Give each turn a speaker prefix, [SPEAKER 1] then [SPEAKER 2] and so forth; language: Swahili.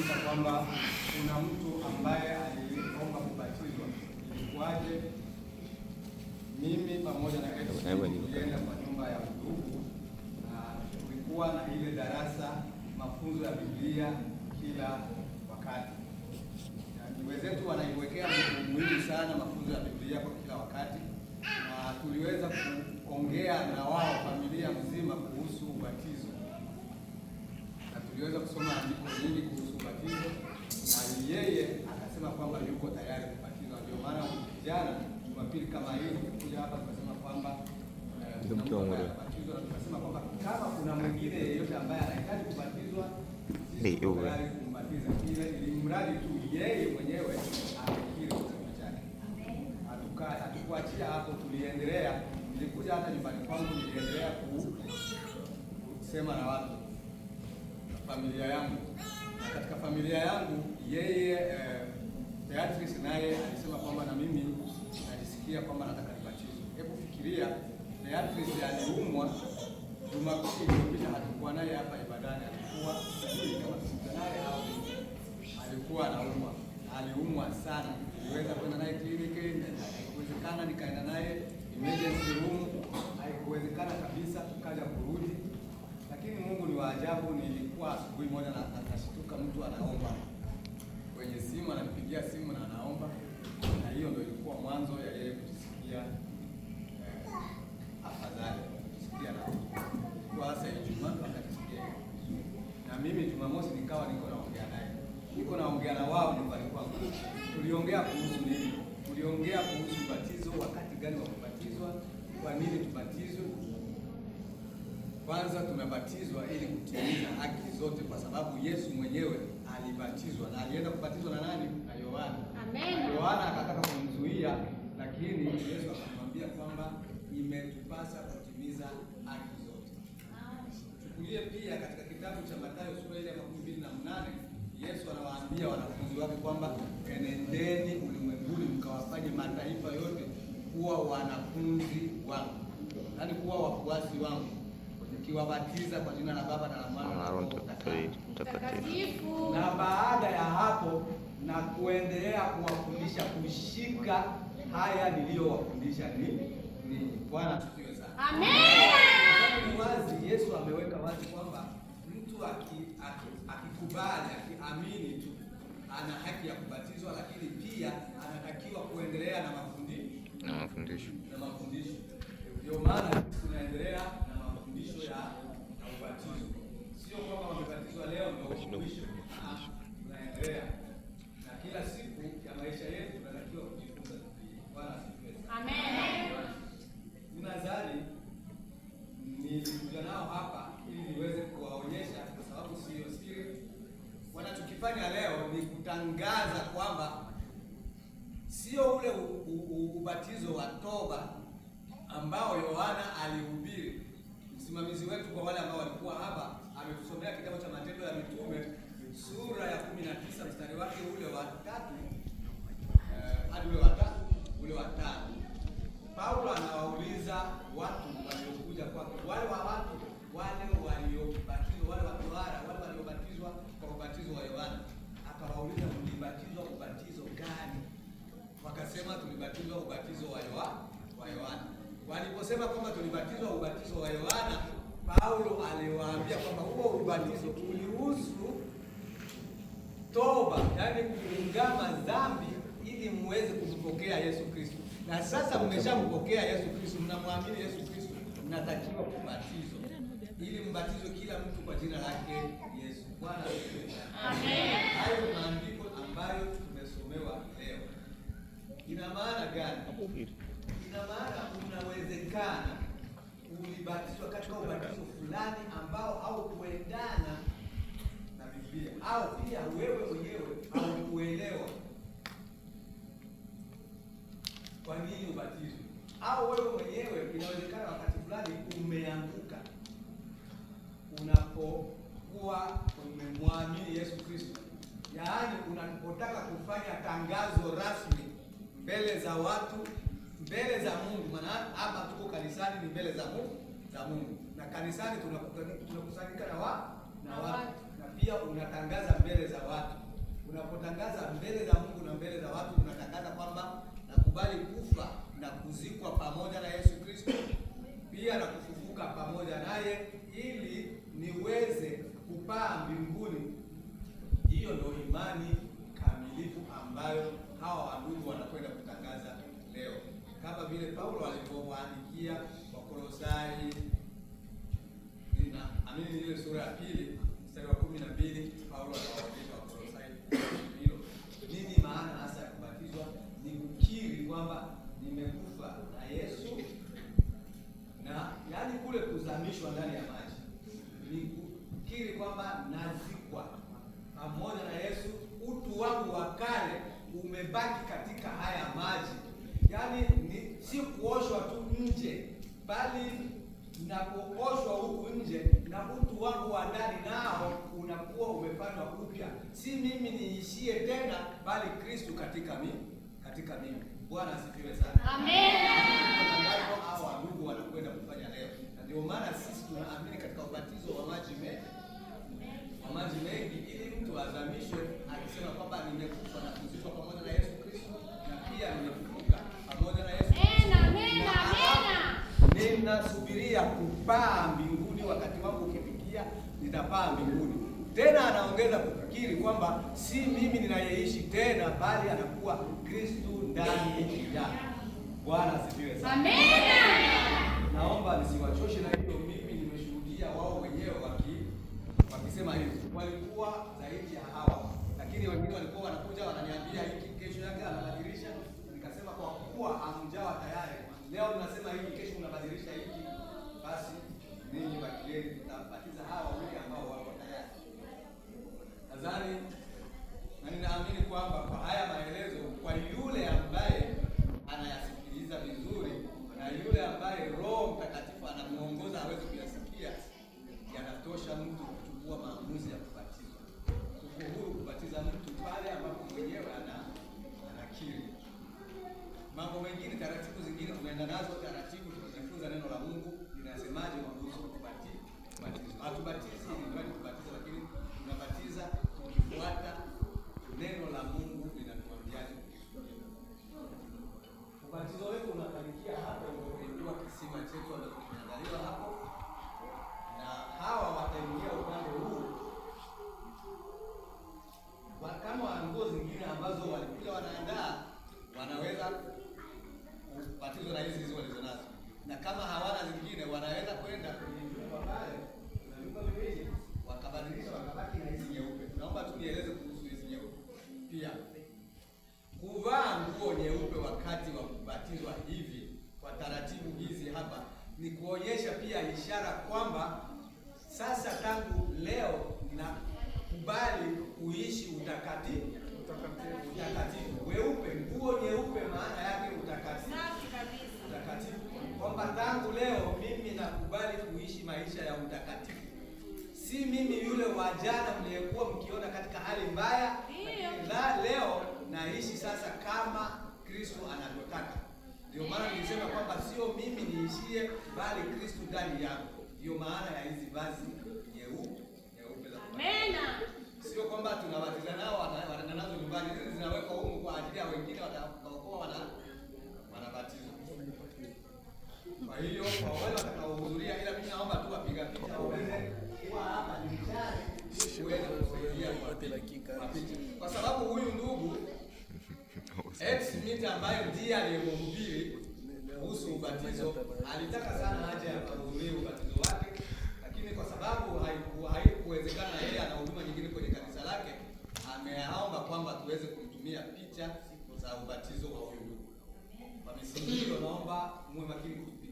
[SPEAKER 1] kuuliza kwamba kuna mtu ambaye aliomba kubatizwa, ilikuwaje? Mimi pamoja na tulienda kwa nyumba ya ndugu na tulikuwa na ile darasa mafunzo ya Biblia kila wakati, ni wenzetu wanaiwekea muhimu sana mafunzo ya Biblia kwa kila wakati, na tuliweza kuongea na wao jana Jumapili kama hii kuja hapa tukasema kwamba eh, tukasema kwamba kama kuna mwingine yeyote ambaye anahitaji kubatizwa kumbatiza ile ili mradi tu yeye mwenyewe amekiri kitu chake. Hatukuachia hapo, tuliendelea. Nilikuja hata nyumbani kwangu, niliendelea kusema na watu familia yangu katika familia yangu yeye eh, Beatrice naye alisema kwamba na mimi kufikiria kwamba nataka nibatizwe. Hebu fikiria, Beatrice aliumwa Jumapili iliyopita, hatukuwa naye hapa ibadani, alikuwa naye au alikuwa anaumwa, aliumwa sana. Niliweza kwenda naye kliniki, haikuwezekana, nikaenda naye emergency room, haikuwezekana kabisa, tukaja kurudi. Lakini Mungu ni waajabu. Nilikuwa asubuhi moja na nashtuka, mtu anaomba kwenye simu, anampigia simu na anaomba hiyo ndio ilikuwa mwanzo ya yeye kujisikia eh, afadhali, kujisikia na kwa hasa Ijumaa akajisikia na mimi Jumamosi nikawa niko naongea naye, niko naongea na wao, ndio walikuwa tuliongea kuhusu nini, tuliongea kuhusu batizo, wakati gani wa kubatizwa, kwa nini tubatizwe. Kwanza tumebatizwa ili kutimiza haki zote, kwa sababu Yesu mwenyewe alibatizwa na alienda kubatizwa na nani? Na Yohana. inatupasa kutimiza haki zote. Chukulie pia katika kitabu cha Mathayo sura ile ya makumi mbili na mnane Yesu anawaambia wanafunzi wake kwamba enendeni ulimwenguni mkawafanye mataifa yote kuwa wanafunzi wangu, yaani kuwa wafuasi wangu, mkiwabatiza kwa jina la Baba na la Mwana
[SPEAKER 2] Mtakatifu,
[SPEAKER 1] na baada ya hapo na kuendelea kuwafundisha kushika haya niliyowafundisha ninyi. Bwana
[SPEAKER 2] Amen.
[SPEAKER 1] Wazi Yesu ameweka wazi kwamba mtu akikubali, akiamini tu ana haki ya kubatizwa, lakini pia anatakiwa kuendelea na mafundisho na mafundisho. Ndio maana tunaendelea tunachokifanya leo ni kutangaza kwamba sio ule u, u, u, ubatizo wa toba ambao Yohana alihubiri. Msimamizi wetu kwa wale ambao walikuwa hapa ametusomea kitabu cha Matendo ya Mitume sura ya 19 mstari wa tulibatizwa ubatizo wa Yohana Waliposema kwamba tulibatizwa ubatizo wa Yohana, Paulo aliwaambia kwamba huo ubatizo ulihusu toba, yaani kuungama dhambi ili muweze kumpokea Yesu Kristo. Na sasa mmeshampokea Yesu Kristo, mnamwamini Yesu Kristo, mnatakiwa kubatizwa ili mbatizwe kila mtu kwa jina lake Yesu. Bwana asifiwe. Amen. Hayo maandiko ambayo tumesomewa Ina maana gani? Ina maana unawezekana ulibatizwa katika ubatizo fulani ambao haukuendana na Biblia au pia wewe mwenyewe haukuelewa kwa nini ubatizo au wewe mwenyewe inawezekana wakati fulani umeanguka unapokuwa umemwamini Yesu Kristo, yaani unapotaka kufanya tangazo rasmi mbele za watu, mbele za Mungu. Maana hapa tuko kanisani, ni mbele za Mungu za Mungu, na kanisani tunakusanyika na wa na watu, na pia unatangaza mbele za watu. Unapotangaza mbele za Mungu na mbele za watu, unatangaza kwamba nakubali kufa na kuzikwa pamoja na Yesu Kristo, pia na kufufuka pamoja naye, ili niweze kupaa mbinguni. Hiyo ndio imani kamilifu ambayo hawa vile Paulo alipomwandikia Wakolosai amini ile sura ya pili mstari wa kumi na mbili Paulo anawaambia Wakolosai hilo nini maana hasa ya kubatizwa ni kukiri kwamba nimekufa na Yesu na yaani kule kuzamishwa ndani ya maji ni kukiri kwamba nazikwa pamoja na Yesu, utu wangu wa kale umebaki katika haya maji, yaani bali napooshwa huku nje na utu wangu wa ndani nao unakuwa umefanywa upya, si mimi niishie tena, bali Kristu katika mimi, katika mimi. Bwana asifiwe sana, amen. Au ndugu wanakwenda kufanya leo, na ndio maana sisi tunaamini katika ubatizo wa maji mengi, wa maji mengi, ili mtu azamishwe akisema kwamba nimekufa na kuzikwa pamoja na Yesu Kristo na pia ninasubiria kupaa mbinguni, wakati wangu ukifikia nitapaa mbinguni. Tena anaongeza kufikiri kwamba si mimi ninayeishi tena, bali anakuwa Kristo ndani yangu. Bwana asifiwe sana. Amen. Naomba nisiwachoshe na hilo, mimi nimeshuhudia wao wenyewe waki- wakisema hivi, walikuwa zaidi ya hawa, lakini wengine walikuwa wengine taratibu zingine umeenda nazo taratibu, tunajifunza neno la Mungu linasemaje kuhusu kubatiza. Hatubatizi ili kubatiza, lakini tunabatiza tukifuata neno la Mungu linatuambiaje. Ubatizo wetu unakaribia hapa, ndio kisima chetu, ndio tunaandaliwa hapo naishi sasa kama Kristo anavyotaka. Ndio maana nilisema kwamba sio mimi niishie, bali Kristo ndani yangu. Ndio maana ya hizi vazi nyeupe nyeupe
[SPEAKER 2] za Amena.
[SPEAKER 1] Sio kwamba tunawatiza nao wanaenda nazo nyumbani, hizi zinawekwa huko kwa ajili ya wengine watakaokoa wana wanabatizwa. Kwa hiyo kwa wale watakaohudhuria, ila mimi naomba tu wapiga picha waweze kuwa hapa diktari, uweze kusaidia kwa sababu huyu Tita ambaye ndiye aliyemhubiri kuhusu ubatizo alitaka sana haja ya ubatizo wake, lakini kwa sababu haikuwezekana yeye ana huduma nyingine kwenye kanisa lake, ameaomba kwamba tuweze kumtumia picha za ubatizo wa huyu ndugu. Kwa misingi hiyo, naomba muwe makini.